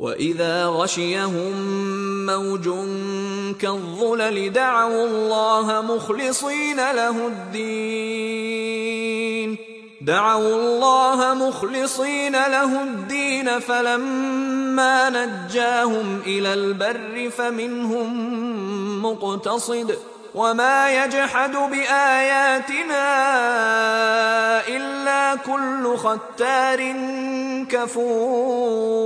واذا غشيهم موج كالظلل دعوا الله مخلصين له الدين دعوا الله مخلصين له الدين فلما نجاهم الى البر فمنهم مقتصد وما يجحد باياتنا الا كل ختار كفور